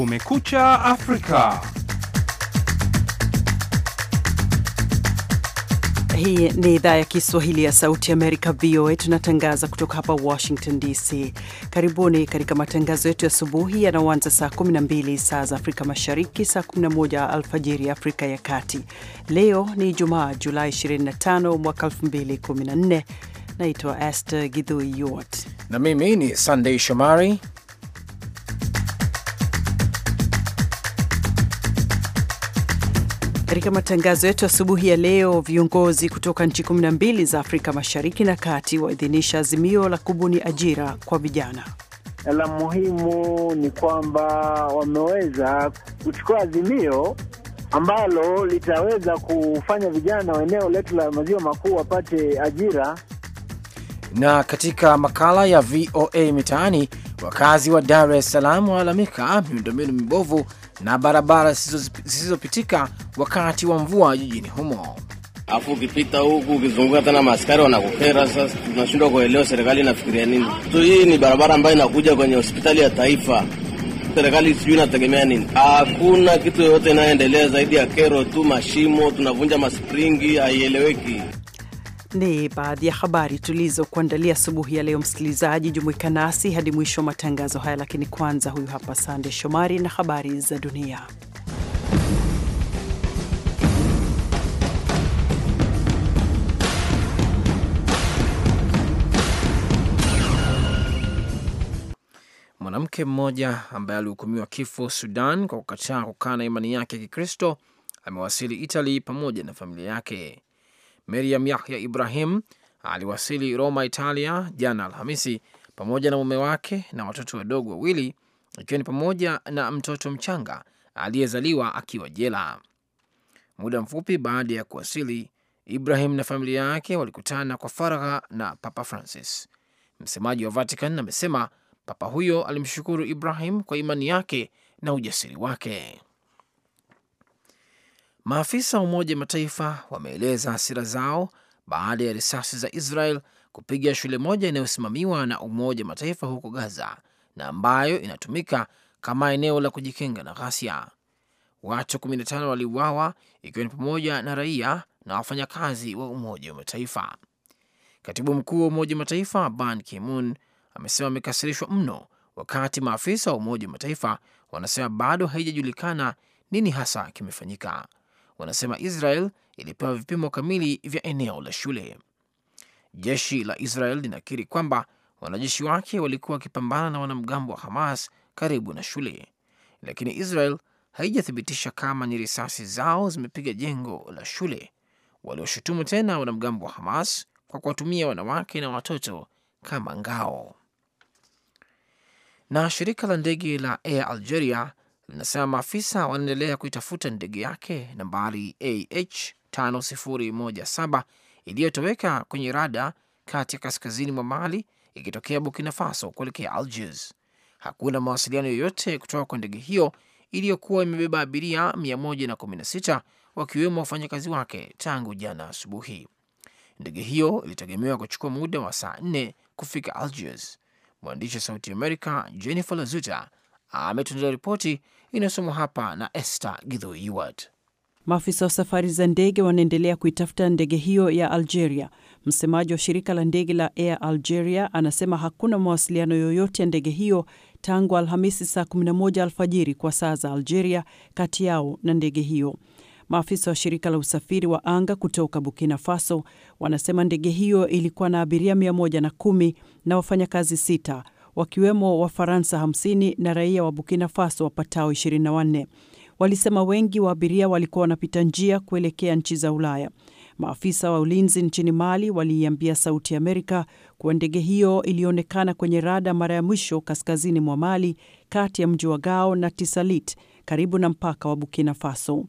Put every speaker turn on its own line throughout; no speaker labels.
Kumekucha Afrika. Hii ni idhaa ya Kiswahili ya Sauti ya Amerika, VOA. Tunatangaza kutoka hapa Washington DC. Karibuni katika matangazo yetu ya asubuhi yanaoanza saa 12 saa za Afrika Mashariki, saa 11 alfajiri Afrika ya Kati. Leo ni jumaa Julai 25 mwaka 2014. Naitwa Esther Gidhui Yuot
na mimi ni sandey
Shomari Katika matangazo yetu asubuhi ya leo, viongozi kutoka nchi 12 za Afrika Mashariki na Kati waidhinisha azimio la kubuni ajira kwa vijana.
La muhimu ni kwamba wameweza kuchukua azimio ambalo litaweza kufanya vijana wa eneo letu la maziwa makuu wapate ajira.
Na katika makala ya VOA Mitaani, wakazi wa Dar es Salaam waalamika miundombinu mibovu na barabara zisizopitika wakati wa mvua jijini humo.
Alafu ukipita huku ukizunguka tena maaskari wanakukera. Sasa tunashindwa kuelewa serikali inafikiria nini tu. Hii ni barabara ambayo inakuja kwenye hospitali ya taifa. Serikali sijui inategemea nini? Hakuna kitu yoyote inayoendelea zaidi ya kero tu, mashimo tunavunja maspringi, haieleweki.
Ni baadhi ya habari tulizokuandalia asubuhi ya leo. Msikilizaji, jumuika nasi hadi mwisho wa matangazo haya, lakini kwanza, huyu hapa Sande Shomari na habari za dunia.
Mwanamke mmoja ambaye alihukumiwa kifo Sudan kwa kukataa kukaa na imani yake ya Kikristo amewasili Itali pamoja na familia yake meriam Yahya Ibrahim aliwasili Roma, Italia jana Alhamisi pamoja na mume wake na watoto wadogo wawili ikiwa ni pamoja na mtoto mchanga aliyezaliwa akiwa jela. Muda mfupi baada ya kuwasili, Ibrahim na familia yake walikutana kwa faragha na Papa Francis. Msemaji wa Vatican amesema papa huyo alimshukuru Ibrahim kwa imani yake na ujasiri wake. Maafisa wa Umoja Mataifa wameeleza hasira zao baada ya risasi za Israel kupiga shule moja inayosimamiwa na Umoja Mataifa huko Gaza na ambayo inatumika kama eneo la kujikinga na ghasia. Watu 15 waliuawa ikiwa ni pamoja na raia na wafanyakazi wa Umoja wa Mataifa. Katibu mkuu wa Umoja Mataifa Ban Ki-moon amesema amekasirishwa mno, wakati maafisa wa Umoja wa Mataifa wanasema bado haijajulikana nini hasa kimefanyika wanasema Israel ilipewa vipimo kamili vya eneo la shule. Jeshi la Israel linakiri kwamba wanajeshi wake walikuwa wakipambana na wanamgambo wa Hamas karibu na shule, lakini Israel haijathibitisha kama ni risasi zao zimepiga jengo la shule. Walioshutumu tena wanamgambo wa Hamas kwa kuwatumia wanawake na watoto kama ngao. Na shirika la ndege la Air Algeria linasema maafisa wanaendelea kuitafuta ndege yake nambari AH5017 iliyotoweka kwenye rada kati ya kaskazini mwa Mali ikitokea Burkina Faso kuelekea Algiers. Hakuna mawasiliano yoyote kutoka kwa ndege hiyo iliyokuwa imebeba abiria 116 wakiwemo wafanyakazi wake tangu jana asubuhi. Ndege hiyo ilitegemewa kuchukua muda wa saa nne kufika Algiers. Mwandishi wa Sauti Amerika Jennifer Lazuta ametuandalia ripoti inayosomwa hapa na Esther Githui
Maafisa wa safari za ndege wanaendelea kuitafuta ndege hiyo ya Algeria. Msemaji wa shirika la ndege la Air Algeria anasema hakuna mawasiliano yoyote ya ndege hiyo tangu Alhamisi saa 11 alfajiri kwa saa za Algeria, kati yao na ndege hiyo. Maafisa wa shirika la usafiri wa anga kutoka Burkina Faso wanasema ndege hiyo ilikuwa na abiria 110 na wafanyakazi sita wakiwemo Wafaransa 50 na raia wa Burkina Faso wapatao 24. Walisema wengi wa abiria walikuwa wanapita njia kuelekea nchi za Ulaya. Maafisa wa ulinzi nchini Mali waliiambia Sauti Amerika kuwa ndege hiyo ilionekana kwenye rada mara ya mwisho kaskazini mwa Mali, kati ya mji wa Gao na Tisalit, karibu na mpaka wa Burkina Faso.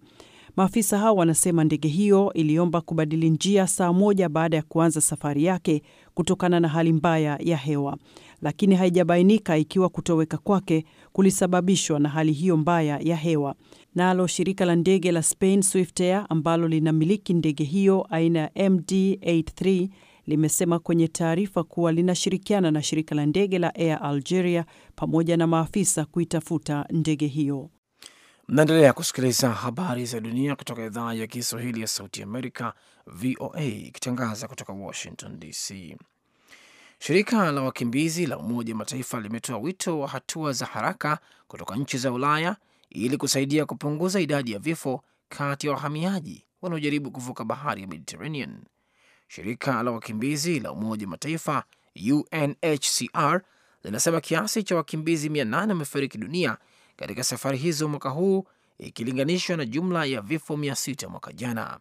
Maafisa hao wanasema ndege hiyo iliomba kubadili njia saa moja baada ya kuanza safari yake kutokana na hali mbaya ya hewa lakini haijabainika ikiwa kutoweka kwake kulisababishwa na hali hiyo mbaya ya hewa. Nalo shirika la ndege la Spain Swiftair ambalo linamiliki ndege hiyo aina ya MD83 limesema kwenye taarifa kuwa linashirikiana na shirika la ndege la Air Algeria pamoja na maafisa kuitafuta ndege hiyo.
Mnaendelea kusikiliza habari za dunia kutoka idhaa ya Kiswahili ya Sauti Amerika, VOA, ikitangaza kutoka Washington DC. Shirika la wakimbizi la Umoja wa Mataifa limetoa wito wa hatua za haraka kutoka nchi za Ulaya ili kusaidia kupunguza idadi ya vifo kati ya wahamiaji wanaojaribu kuvuka bahari ya Mediterranean. Shirika la wakimbizi la Umoja wa Mataifa UNHCR linasema kiasi cha wakimbizi 800 wamefariki dunia katika safari hizo mwaka huu ikilinganishwa na jumla ya vifo 600 mwaka jana.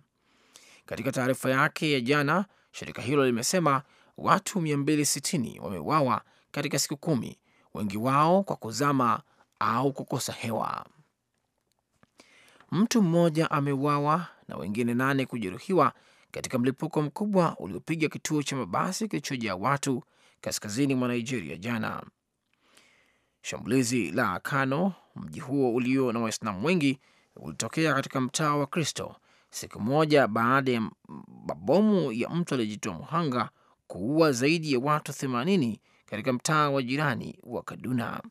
Katika taarifa yake ya jana, shirika hilo limesema watu 260 wameuawa katika siku kumi, wengi wao kwa kuzama au kukosa hewa. Mtu mmoja ameuawa na wengine nane kujeruhiwa katika mlipuko mkubwa uliopiga kituo cha mabasi kilichojaa watu kaskazini mwa Nigeria jana. Shambulizi la Kano, mji huo ulio na Waislamu wengi, ulitokea katika mtaa wa Kristo siku moja baada ya mabomu ya mtu aliyejitoa muhanga kuua zaidi ya watu 80 katika mtaa wa jirani wa Kaduna.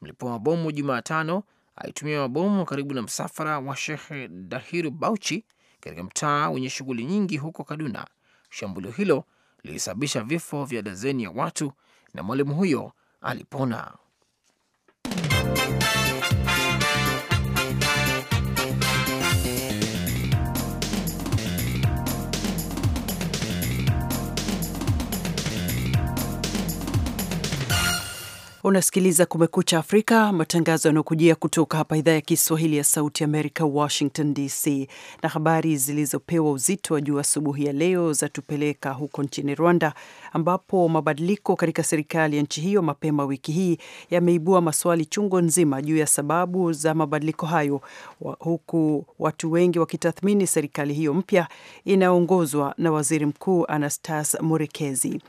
Mlipoa mabomu Jumatano alitumia mabomu karibu na msafara wa shekhe Dahiru Bauchi katika mtaa wenye shughuli nyingi huko Kaduna. Shambulio hilo lilisababisha vifo vya dazeni ya watu na mwalimu huyo alipona.
Unasikiliza Kumekucha Afrika, matangazo yanayokujia kutoka hapa idhaa ya Kiswahili ya Sauti Amerika, Washington DC. Na habari zilizopewa uzito wa juu asubuhi ya leo za tupeleka huko nchini Rwanda, ambapo mabadiliko katika serikali ya nchi hiyo mapema wiki hii yameibua maswali chungu nzima juu ya sababu za mabadiliko hayo, huku watu wengi wakitathmini serikali hiyo mpya inayoongozwa na waziri mkuu Anastas Murekezi.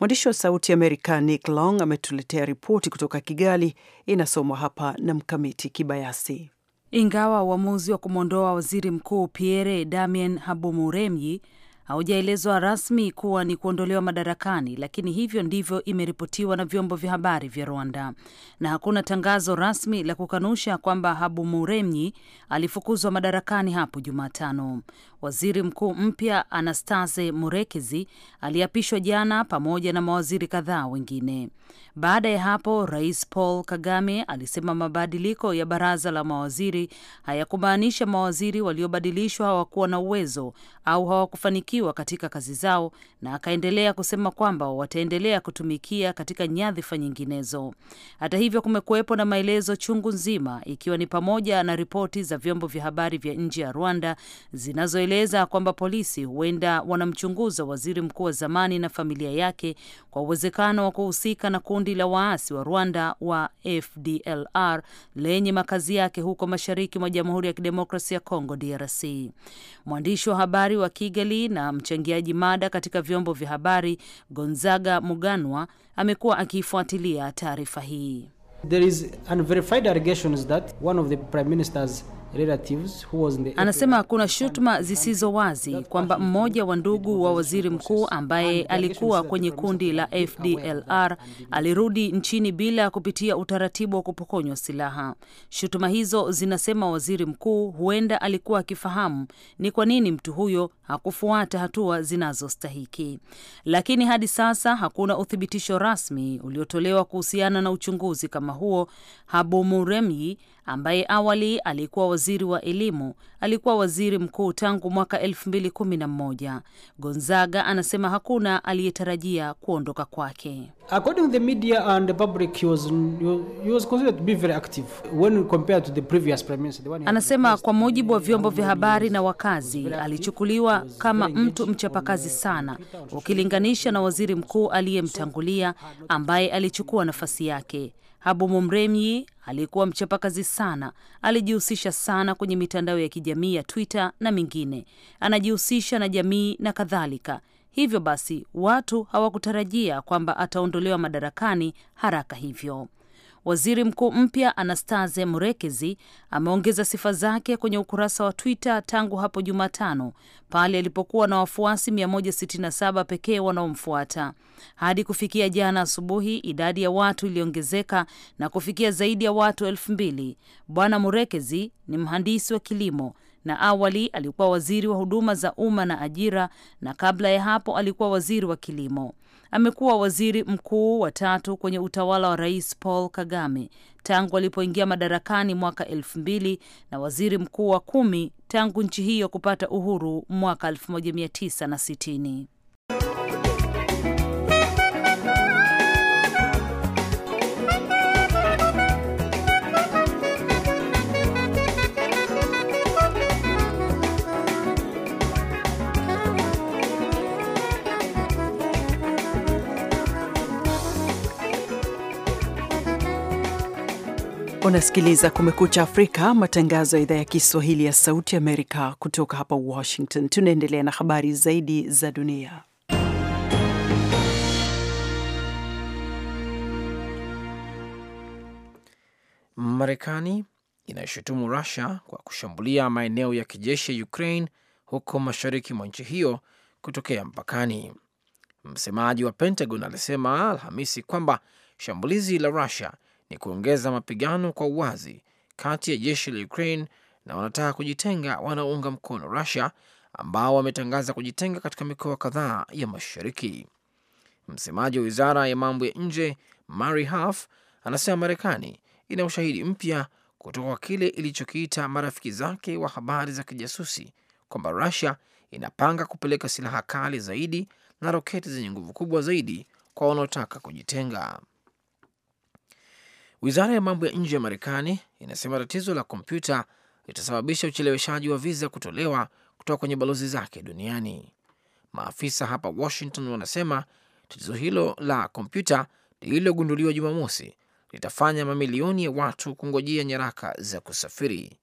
Mwandishi wa Sauti Amerika Nick Long ametuletea ripoti kutoka Kigali, inasomwa hapa na Mkamiti Kibayasi. Ingawa uamuzi
wa kumwondoa waziri mkuu Pierre Damien Habumuremyi haujaelezwa rasmi kuwa ni kuondolewa madarakani, lakini hivyo ndivyo imeripotiwa na vyombo vya habari vya Rwanda, na hakuna tangazo rasmi la kukanusha kwamba Habumuremyi alifukuzwa madarakani hapo Jumatano. Waziri mkuu mpya Anastase Murekezi aliapishwa jana pamoja na mawaziri kadhaa wengine. Baada ya hapo, Rais Paul Kagame alisema mabadiliko ya baraza la mawaziri hayakumaanisha mawaziri waliobadilishwa hawakuwa na uwezo au hawakufanikiwa katika kazi zao, na akaendelea kusema kwamba wataendelea kutumikia katika nyadhifa nyinginezo. Hata hivyo, kumekuwepo na maelezo chungu nzima, ikiwa ni pamoja na ripoti za vyombo vya habari vya nje ya Rwanda zinazo ameeleza kwamba polisi huenda wanamchunguza waziri mkuu wa zamani na familia yake kwa uwezekano wa kuhusika na kundi la waasi wa Rwanda wa FDLR lenye makazi yake huko mashariki mwa Jamhuri ya Kidemokrasia ya Kongo DRC. Mwandishi wa habari wa Kigali na mchangiaji mada katika vyombo vya habari Gonzaga Muganwa amekuwa akiifuatilia taarifa hii.
There is unverified allegations that one of the prime ministers
Anasema kuna shutuma zisizo wazi kwamba mmoja wa ndugu wa waziri mkuu ambaye alikuwa kwenye kundi la FDLR alirudi nchini bila kupitia utaratibu wa kupokonywa silaha. Shutuma hizo zinasema waziri mkuu huenda alikuwa akifahamu ni kwa nini mtu huyo hakufuata hatua zinazostahiki, lakini hadi sasa hakuna uthibitisho rasmi uliotolewa kuhusiana na uchunguzi kama huo. Habumuremyi ambaye awali alikuwa waziri wa elimu, alikuwa waziri mkuu tangu mwaka 2011. Gonzaga anasema hakuna aliyetarajia kuondoka kwake. Anasema kwa mujibu wa vyombo vya habari na wakazi, alichukuliwa kama mtu mchapakazi sana, ukilinganisha na waziri mkuu aliyemtangulia ambaye alichukua nafasi yake abu Mumremyi aliyekuwa mchapakazi sana, alijihusisha sana kwenye mitandao ya kijamii ya Twitter na mingine, anajihusisha na jamii na kadhalika. Hivyo basi watu hawakutarajia kwamba ataondolewa madarakani haraka hivyo. Waziri mkuu mpya Anastase Murekezi ameongeza sifa zake kwenye ukurasa wa Twitter tangu hapo Jumatano pale alipokuwa na wafuasi 167 pekee wanaomfuata. Hadi kufikia jana asubuhi, idadi ya watu iliongezeka na kufikia zaidi ya watu elfu mbili. Bwana Murekezi ni mhandisi wa kilimo na awali alikuwa waziri wa huduma za umma na ajira, na kabla ya hapo alikuwa waziri wa kilimo amekuwa waziri mkuu wa tatu kwenye utawala wa Rais Paul Kagame tangu alipoingia madarakani mwaka elfu mbili na waziri mkuu wa kumi tangu nchi hiyo kupata uhuru mwaka na sitini.
Unasikiliza Kumekucha Afrika, matangazo ya idhaa ya Kiswahili ya Sauti Amerika kutoka hapa Washington. Tunaendelea na habari zaidi za dunia.
Marekani inayoshutumu Rusia kwa kushambulia maeneo ya kijeshi ya Ukraine huko mashariki mwa nchi hiyo kutokea mpakani. Msemaji wa Pentagon alisema Alhamisi kwamba shambulizi la Rusia ni kuongeza mapigano kwa uwazi kati ya jeshi la Ukraine na wanataka kujitenga wanaounga mkono Rusia ambao wametangaza kujitenga katika mikoa kadhaa ya mashariki. Msemaji wa wizara ya mambo ya nje Mary Harf anasema Marekani ina ushahidi mpya kutoka kwa kile ilichokiita marafiki zake wa habari za kijasusi kwamba Rusia inapanga kupeleka silaha kali zaidi na roketi zenye nguvu kubwa zaidi kwa wanaotaka kujitenga. Wizara ya mambo ya nje ya Marekani inasema tatizo la kompyuta litasababisha ucheleweshaji wa viza kutolewa kutoka kwenye balozi zake duniani. Maafisa hapa Washington wanasema tatizo hilo la kompyuta lililogunduliwa Jumamosi litafanya mamilioni ya watu kungojea nyaraka za kusafiri.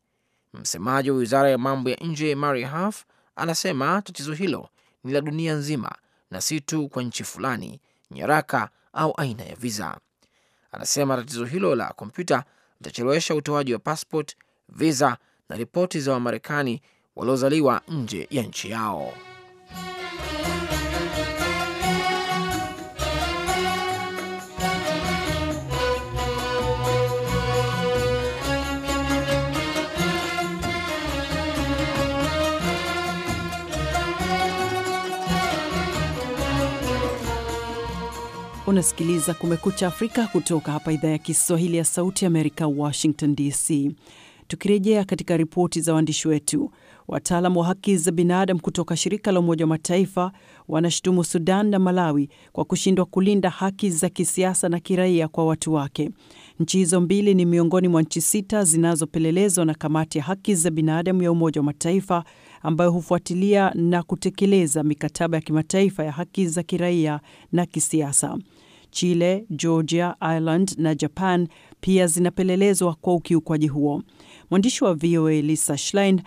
Msemaji wa wizara ya mambo ya nje Mary Harf anasema tatizo hilo ni la dunia nzima na si tu kwa nchi fulani, nyaraka au aina ya viza. Anasema tatizo hilo la kompyuta litachelewesha utoaji wa passport, visa na ripoti za Wamarekani waliozaliwa nje ya nchi yao.
Unasikiliza Kumekucha Afrika kutoka hapa idhaa ya Kiswahili ya Sauti Amerika, Washington DC. Tukirejea katika ripoti za waandishi wetu, wataalam wa haki za binadamu kutoka shirika la Umoja wa Mataifa wanashutumu Sudan na Malawi kwa kushindwa kulinda haki za kisiasa na kiraia kwa watu wake. Nchi hizo mbili ni miongoni mwa nchi sita zinazopelelezwa na kamati ya haki za binadamu ya Umoja wa Mataifa ambayo hufuatilia na kutekeleza mikataba ya kimataifa ya haki za kiraia na kisiasa. Chile, Georgia, Ireland na Japan pia zinapelelezwa kwa ukiukwaji huo. Mwandishi wa VOA Lisa Schlein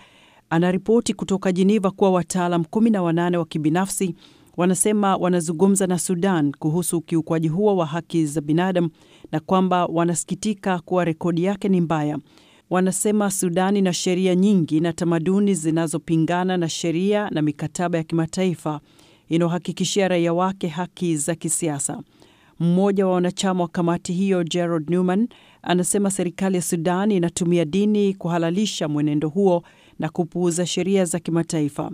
anaripoti kutoka Jiniva kuwa wataalam 18 wa kibinafsi wanasema wanazungumza na Sudan kuhusu ukiukwaji huo wa haki za binadamu na kwamba wanasikitika kuwa rekodi yake ni mbaya. Wanasema Sudan ina sheria nyingi na tamaduni zinazopingana na sheria na mikataba ya kimataifa inayohakikishia raia wake haki za kisiasa. Mmoja wa wanachama wa kamati hiyo Gerald Newman anasema serikali ya Sudan inatumia dini kuhalalisha mwenendo huo na kupuuza sheria za kimataifa.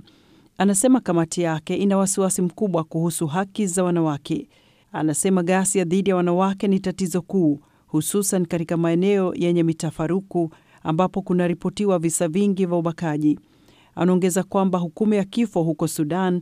Anasema kamati yake ina wasiwasi mkubwa kuhusu haki za wanawake. Anasema ghasia dhidi ya wanawake ni tatizo kuu, hususan katika maeneo yenye mitafaruku ambapo kunaripotiwa visa vingi vya ubakaji. Anaongeza kwamba hukumu ya kifo huko Sudan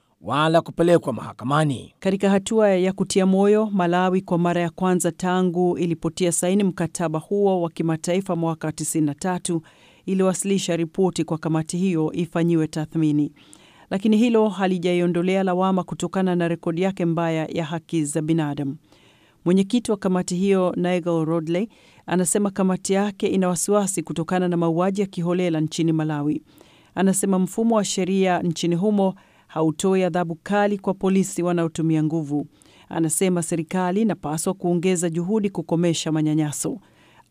wala kupelekwa mahakamani. Katika hatua ya kutia moyo, Malawi kwa mara ya kwanza tangu ilipotia saini mkataba huo wa kimataifa mwaka 93 iliwasilisha ripoti kwa kamati hiyo ifanyiwe tathmini, lakini hilo halijaiondolea lawama kutokana na rekodi yake mbaya ya haki za binadamu. Mwenyekiti wa kamati hiyo Nigel Rodley anasema kamati yake ina wasiwasi kutokana na mauaji ya kiholela nchini Malawi. Anasema mfumo wa sheria nchini humo hautoi adhabu kali kwa polisi wanaotumia nguvu. Anasema serikali inapaswa kuongeza juhudi kukomesha manyanyaso.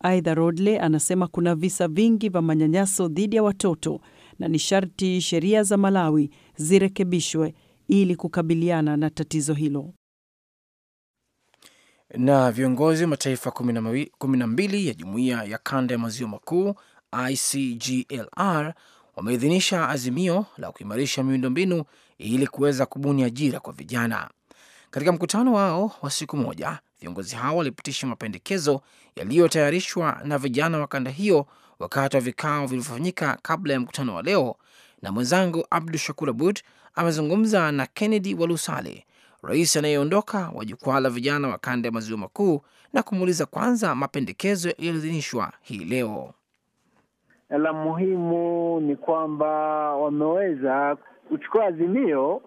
Aidha, Rodley anasema kuna visa vingi vya manyanyaso dhidi ya watoto na ni sharti sheria za Malawi zirekebishwe ili kukabiliana na tatizo hilo.
Na viongozi wa mataifa kumi na mbili ya jumuiya ya kanda ya maziwa makuu ICGLR wameidhinisha azimio la kuimarisha miundombinu ili kuweza kubuni ajira kwa vijana. Katika mkutano wao wa siku moja, viongozi hao walipitisha mapendekezo yaliyotayarishwa na vijana wa kanda hiyo wakati wa vikao vilivyofanyika kabla ya mkutano wa leo. Na mwenzangu Abdu Shakur Abud amezungumza na Kennedy Walusale, rais anayeondoka wa jukwaa la vijana wa kanda ya maziwa makuu, na kumuuliza kwanza mapendekezo yaliyoidhinishwa hii leo.
La muhimu ni kwamba wameweza kuchukua azimio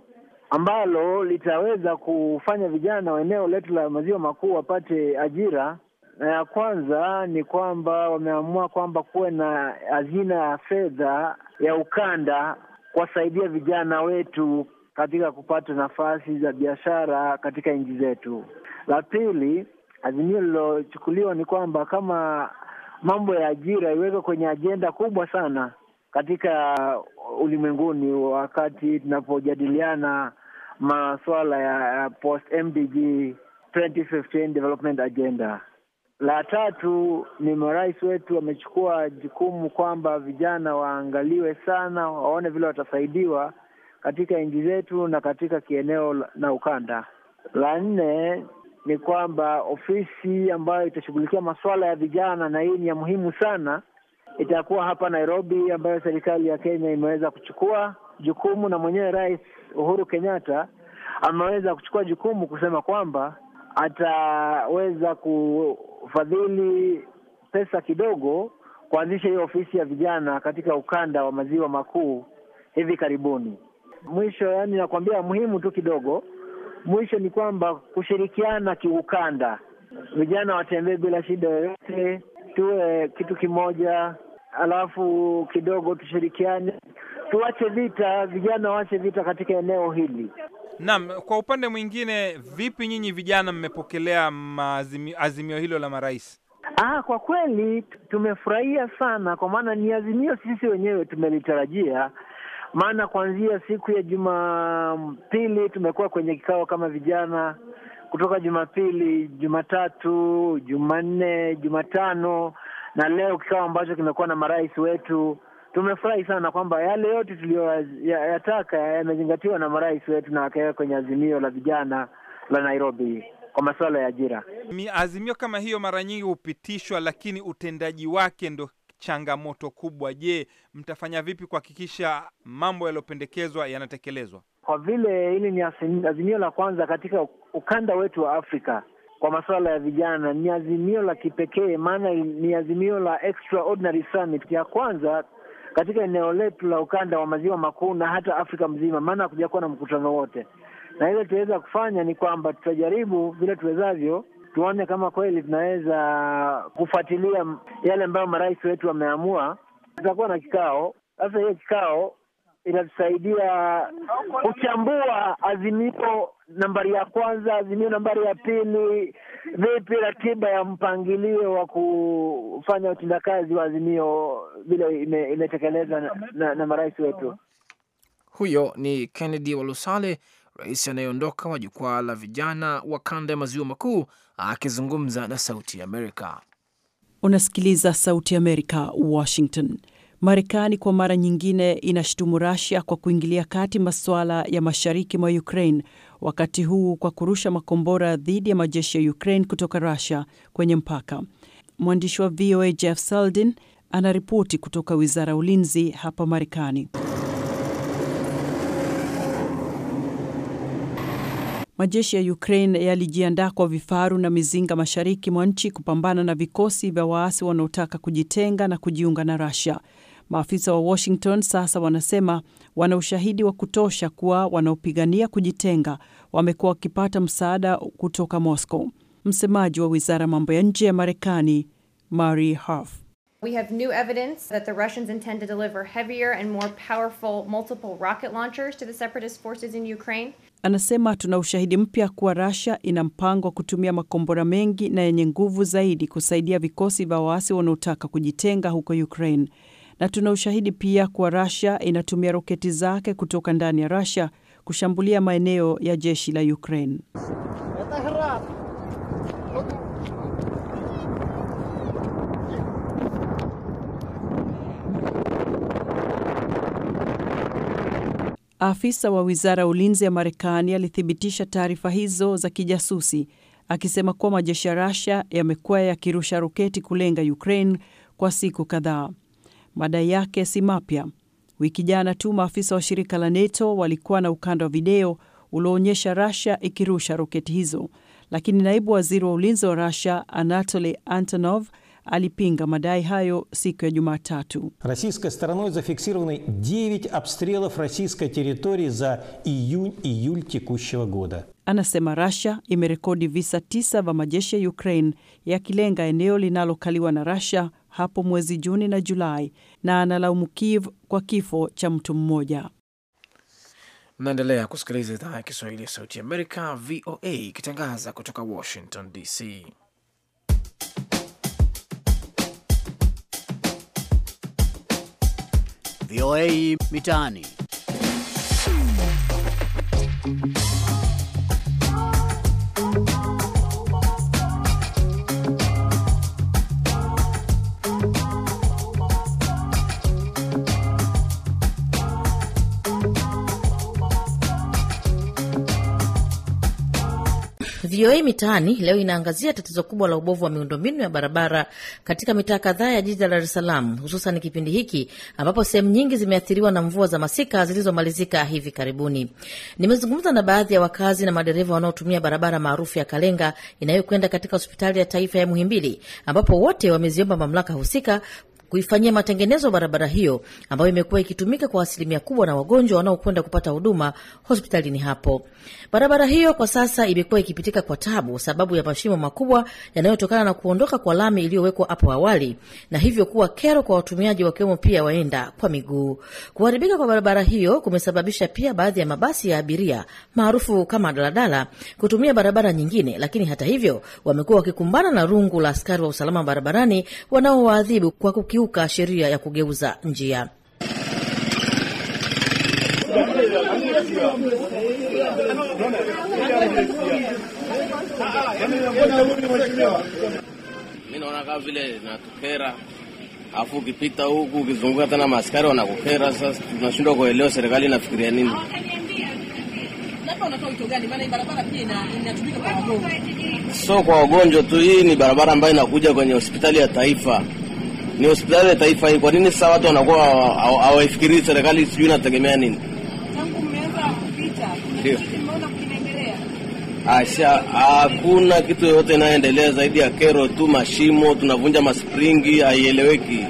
ambalo litaweza kufanya vijana wa eneo letu la maziwa makuu wapate ajira. Na ya kwanza ni kwamba wameamua kwamba kuwe na hazina ya fedha ya ukanda kuwasaidia vijana wetu katika kupata nafasi za biashara katika nchi zetu. La pili, azimio lililochukuliwa ni kwamba kama mambo ya ajira iwekwe kwenye ajenda kubwa sana katika ulimwenguni wakati tunapojadiliana masuala ya post MDG 2015 development agenda. La tatu ni marais wetu wamechukua jukumu kwamba vijana waangaliwe sana, waone vile watasaidiwa katika nchi zetu na katika kieneo na ukanda. La nne ni kwamba ofisi ambayo itashughulikia masuala ya vijana, na hii ni ya muhimu sana itakuwa hapa Nairobi, ambayo serikali ya Kenya imeweza kuchukua jukumu, na mwenyewe Rais Uhuru Kenyatta ameweza kuchukua jukumu kusema kwamba ataweza kufadhili pesa kidogo kuanzisha hiyo ofisi ya vijana katika ukanda wa maziwa makuu hivi karibuni. Mwisho yani, nakwambia muhimu tu kidogo, mwisho ni kwamba kushirikiana kiukanda, vijana watembee bila shida yoyote, tuwe kitu kimoja, alafu kidogo tushirikiane, tuache vita, vijana waache vita katika eneo hili.
Naam, kwa upande mwingine, vipi nyinyi vijana mmepokelea azimio, hilo la marais?
Ah, kwa kweli tumefurahia sana, kwa maana ni azimio sisi wenyewe tumelitarajia maana kuanzia siku ya Jumapili tumekuwa kwenye kikao kama vijana, kutoka Jumapili, Jumatatu, Jumanne, Jumatano na leo kikao ambacho kimekuwa na marais wetu tumefurahi sana kwamba yale yote tuliyoyataka yamezingatiwa na marais wetu na akaweka kwenye azimio la vijana la Nairobi kwa masuala ya ajira.
Azimio kama hiyo mara nyingi hupitishwa, lakini utendaji wake ndo changamoto kubwa.
Je, mtafanya vipi kuhakikisha mambo yaliyopendekezwa yanatekelezwa? Kwa
vile hili ni azimio la kwanza katika ukanda wetu wa Afrika kwa masuala ya vijana ni azimio la kipekee, maana ni azimio la extraordinary summit ya kwanza katika eneo letu la ukanda wa maziwa makuu na hata Afrika mzima, maana hakuja kuwa na mkutano wote. Na ile tutaweza kufanya ni kwamba tutajaribu vile tuwezavyo, tuone kama kweli tunaweza kufuatilia yale ambayo marais wetu wameamua. Tutakuwa na kikao sasa, hiyo kikao inatusaidia kuchambua azimio nambari ya kwanza, azimio nambari ya pili, vipi ratiba ya mpangilio wa kufanya utendakazi wa azimio vile imetekelezwa na, na, na marais wetu.
Huyo ni Kennedy Walusale, rais anayeondoka wa jukwaa la vijana wa kanda ya maziwa makuu akizungumza
na Sauti ya Amerika. Unasikiliza Sauti ya Amerika, Washington. Marekani kwa mara nyingine inashutumu rusia kwa kuingilia kati masuala ya mashariki mwa Ukraine, wakati huu kwa kurusha makombora dhidi ya majeshi ya Ukraine kutoka Russia kwenye mpaka. Mwandishi wa VOA Jeff Saldin anaripoti kutoka Wizara ya Ulinzi hapa Marekani. Majeshi ya Ukraine yalijiandaa kwa vifaru na mizinga mashariki mwa nchi kupambana na vikosi vya waasi wanaotaka kujitenga na kujiunga na rusia Maafisa wa Washington sasa wanasema wana ushahidi wa kutosha kuwa wanaopigania kujitenga wamekuwa wakipata msaada kutoka Moscow. Msemaji wa wizara mambo ya nje ya Marekani Mari Harf anasema tuna ushahidi mpya kuwa Russia ina mpango wa kutumia makombora mengi na yenye nguvu zaidi kusaidia vikosi vya waasi wanaotaka kujitenga huko Ukraine na tuna ushahidi pia kuwa rasia inatumia roketi zake kutoka ndani ya rusia kushambulia maeneo ya jeshi la Ukraine. Afisa wa wizara ya ulinzi ya Marekani alithibitisha taarifa hizo za kijasusi akisema kuwa majeshi ya Russia yamekuwa yakirusha roketi kulenga Ukraine kwa siku kadhaa madai yake si mapya. Wiki jana tu maafisa wa shirika la NATO walikuwa na ukanda wa video ulioonyesha Russia ikirusha roketi hizo, lakini naibu waziri wa ulinzi wa rusia Anatoly Antonov alipinga madai hayo siku ya Jumatatu. Российской
stranoi зафиксированы 9 abstrelov российской teritorii za iyun
iyul tekushego goda
Anasema rusia imerekodi visa tisa vya majeshi ya Ukraine yakilenga eneo linalokaliwa na rasia hapo mwezi Juni na Julai na analaumu Kiev kwa kifo cha mtu mmoja.
Mnaendelea kusikiliza idhaa ya Kiswahili ya Sauti Amerika, VOA, ikitangaza kutoka Washington DC.
VOA Mitaani.
VOA Mitaani leo inaangazia tatizo kubwa la ubovu wa miundombinu ya barabara katika mitaa kadhaa ya jiji la Dar es Salaam, hususan kipindi hiki ambapo sehemu nyingi zimeathiriwa na mvua za masika zilizomalizika hivi karibuni. Nimezungumza na baadhi ya wakazi na madereva wanaotumia barabara maarufu ya Kalenga inayokwenda katika hospitali ya taifa ya Muhimbili, ambapo wote wameziomba mamlaka husika kuifanyia matengenezo barabara hiyo ambayo imekuwa ikitumika kwa asilimia kubwa na wagonjwa wanaokwenda kupata huduma hospitalini hapo. Barabara hiyo kwa sasa imekuwa ikipitika kwa tabu sababu ya mashimo makubwa yanayotokana na kuondoka kwa lami iliyowekwa hapo awali, na hivyo kuwa kero kwa watumiaji, wakiwemo pia waenda kwa miguu. Kuharibika kwa barabara hiyo kumesababisha pia baadhi ya mabasi ya abiria maarufu kama daladala kutumia barabara nyingine, lakini hata hivyo wamekuwa wakikumbana na rungu la askari wa usalama barabarani wanaowaadhibu kwa kukiu kukiuka sheria ya kugeuza njia.
Mi naona kama vile natukera, alafu ukipita huku ukizunguka tena maaskari wanakukera. Sasa tunashindwa kuelewa serikali inafikiria nini. So kwa wagonjwa tu, hii ni barabara ambayo inakuja kwenye hospitali ya taifa ni hospitali ya taifa hii. Kwa nini sasa watu wanakuwa hawaifikirii serikali sijui inategemea nini? Asha, hakuna kitu yoyote inayoendelea zaidi ya kero tu, mashimo tunavunja, maspringi haieleweki.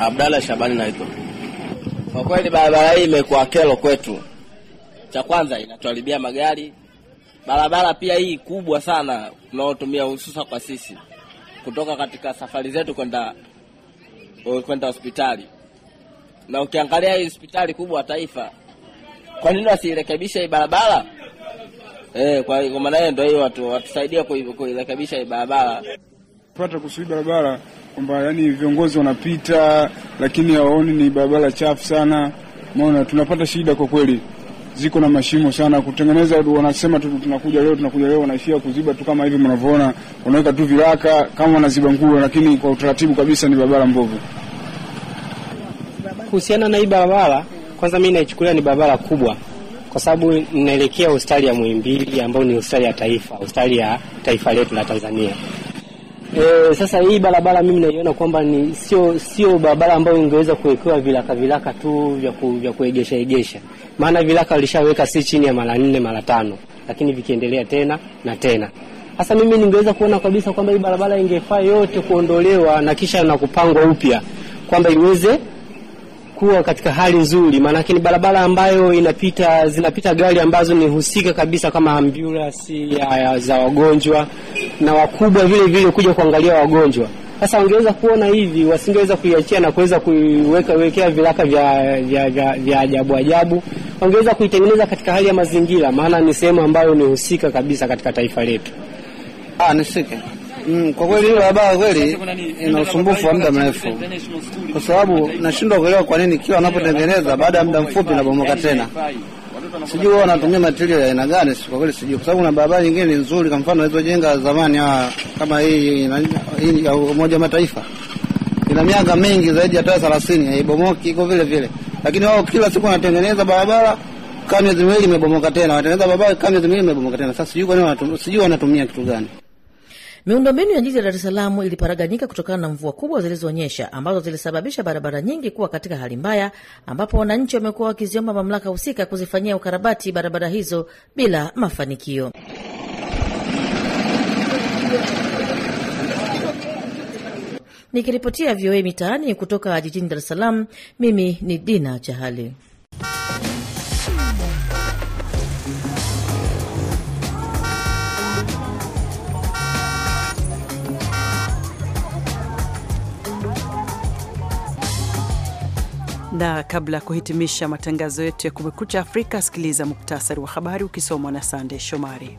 Abdalla Shabani naitwa. Kwa kweli barabara hii imekuwa kero kwetu, cha kwanza inatuharibia magari. Barabara pia hii kubwa sana tunaotumia hususa kwa sisi kutoka katika safari zetu kwenda eh, kwenda hospitali. Na ukiangalia hii hospitali kubwa taifa, kwa nini wasiirekebisha hii barabara? Eh, kwa maana hiyo ndio hiyo watu watusaidia kuirekebisha hii barabara
pata kuhusu barabara kwamba yani viongozi wanapita
lakini hawaoni, ni barabara chafu sana. Maona tunapata shida kwa kweli ziko na mashimo sana kutengeneza. Wanasema tu tunakuja leo, tunakuja leo, wanaishia kuziba tu kama hivi mnavyoona,
wanaweka tu viraka kama wanaziba nguo, lakini kwa utaratibu kabisa, ni barabara mbovu. Kuhusiana na hii barabara, kwanza mimi naichukulia ni barabara kubwa, kwa sababu ninaelekea hospitali ya Muhimbili ambayo ni hospitali ya taifa, hospitali ya taifa letu la Tanzania. E, sasa hii barabara mimi naiona kwamba ni sio sio barabara ambayo ingeweza kuwekewa vilaka vilaka tu vya kuegesha egesha maana vilaka walishaweka si chini ya mara nne mara tano, lakini vikiendelea tena na tena. Sasa mimi ningeweza kuona kabisa kwamba hii barabara ingefaa yote kuondolewa na kisha na kupangwa upya kwamba iweze kuwa katika hali nzuri, maanake ni barabara ambayo inapita zinapita gari ambazo ni husika kabisa kama ambulansi za wagonjwa na wakubwa vile vile kuja kuangalia wagonjwa. Sasa wangeweza kuona hivi, wasingeweza kuiachia na kuweza kuiwekea vilaka vya, vya, vya, vya ajabu ajabu. Wangeweza kuitengeneza katika hali ya mazingira, maana ni sehemu ambayo ni husika kabisa katika taifa letu. Ah, nishike Mm, kwa kweli hiyo barabara kweli ina usumbufu wa muda mrefu,
kwa sababu nashindwa
kuelewa kwa nini kila wanapotengeneza baada ya muda mfupi inabomoka tena sijui wao wanatumia material ya aina gani, kwa kweli sijui, kwa sababu kuna barabara nyingine ni nzuri, kwa mfano walizojenga zamani hawa ah, kama hii hii ya Umoja Mataifa ina miaka mingi zaidi ya taa thelathini, haibomoki iko vile vile, lakini wao kila siku wanatengeneza barabara kama miezi miwili imebomoka tena, wanatengeneza barabara kama miezi miwili imebomoka tena. Sasa sijui kwa nini wanatumia, sijui wanatumia kitu gani.
Miundombinu ya jiji la Dar es Salaam iliparaganyika kutokana na mvua kubwa zilizoonyesha ambazo zilisababisha barabara nyingi kuwa katika hali mbaya, ambapo wananchi wamekuwa wakiziomba mamlaka husika kuzifanyia ukarabati barabara hizo bila mafanikio. Nikiripotia VOA Mitaani kutoka jijini Dar es Salaam, mimi ni Dina Chahali.
Na kabla ya kuhitimisha matangazo yetu ya Kumekucha Afrika, sikiliza muktasari wa habari ukisomwa na Sande Shomari.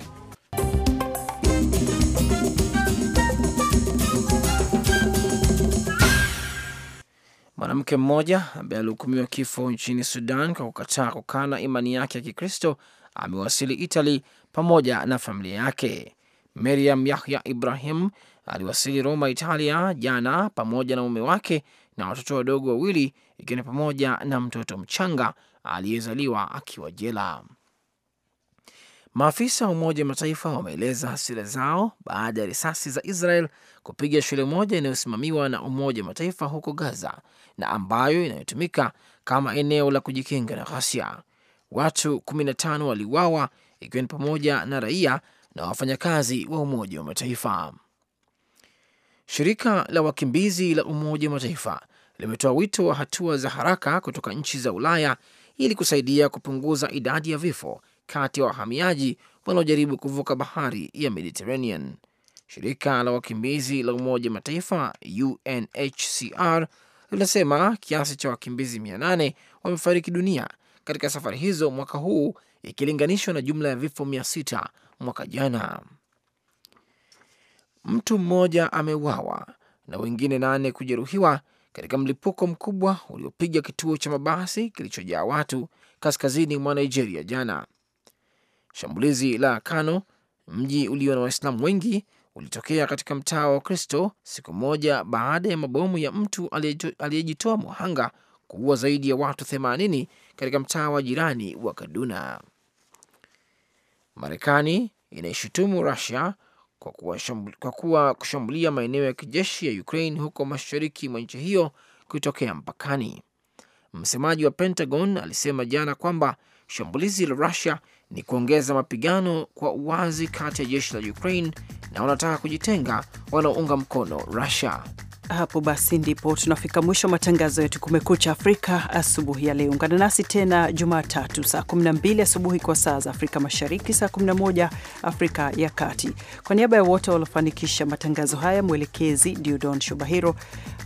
Mwanamke mmoja ambaye alihukumiwa kifo nchini Sudan kwa kukataa kukana imani yake ya Kikristo amewasili Italy pamoja na familia yake. Meriam Yahya Ibrahim aliwasili Roma, Italia jana pamoja na mume wake na watoto wadogo wawili ikiwa ni pamoja na mtoto mchanga aliyezaliwa akiwa jela. Maafisa wa Umoja wa Mataifa wameeleza hasira zao baada ya risasi za Israel kupiga shule moja inayosimamiwa na Umoja wa Mataifa huko Gaza na ambayo inayotumika kama eneo la kujikinga na ghasia. Watu 15 waliuawa ikiwa ni pamoja na raia na wafanyakazi wa Umoja wa Mataifa. Shirika la wakimbizi la Umoja wa Mataifa limetoa wito wa hatua za haraka kutoka nchi za Ulaya ili kusaidia kupunguza idadi ya vifo kati ya wahamiaji wanaojaribu kuvuka bahari ya Mediterranean. Shirika la wakimbizi la Umoja wa Mataifa UNHCR linasema kiasi cha wakimbizi 800 wamefariki dunia katika safari hizo mwaka huu ikilinganishwa na jumla ya vifo 600 mwaka jana mtu mmoja ameuawa na wengine nane kujeruhiwa katika mlipuko mkubwa uliopiga kituo cha mabasi kilichojaa watu kaskazini mwa Nigeria jana. Shambulizi la Kano, mji ulio na Waislamu wengi, ulitokea katika mtaa wa Kristo siku moja baada ya mabomu ya mtu aliyejitoa muhanga kuua zaidi ya watu 80 katika mtaa wa jirani wa Kaduna. Marekani inaishutumu Rusia kwa kuwa, kushambulia maeneo ya kijeshi ya Ukraine huko mashariki mwa nchi hiyo kutokea mpakani. Msemaji wa Pentagon alisema jana kwamba shambulizi la russia ni kuongeza mapigano kwa uwazi kati ya jeshi la Ukraine na wanataka
kujitenga wanaounga mkono russia hapo basi ndipo tunafika mwisho matangazo yetu Kumekucha Afrika asubuhi ya leo. Ungana nasi tena Jumatatu saa 12 asubuhi kwa saa za Afrika Mashariki, saa 11 Afrika ya Kati. Kwa niaba ya wote waliofanikisha matangazo haya, mwelekezi Diodon Shubahiro,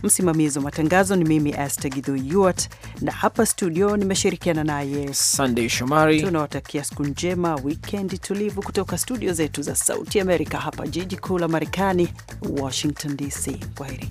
Msimamizi wa matangazo ni mimi Aster yuat na hapa studio nimeshirikiana naye sandey Shomari. Tunawatakia siku njema, wikendi tulivu, kutoka studio zetu za Sauti Amerika hapa jiji kuu la Marekani, Washington DC. kwa heri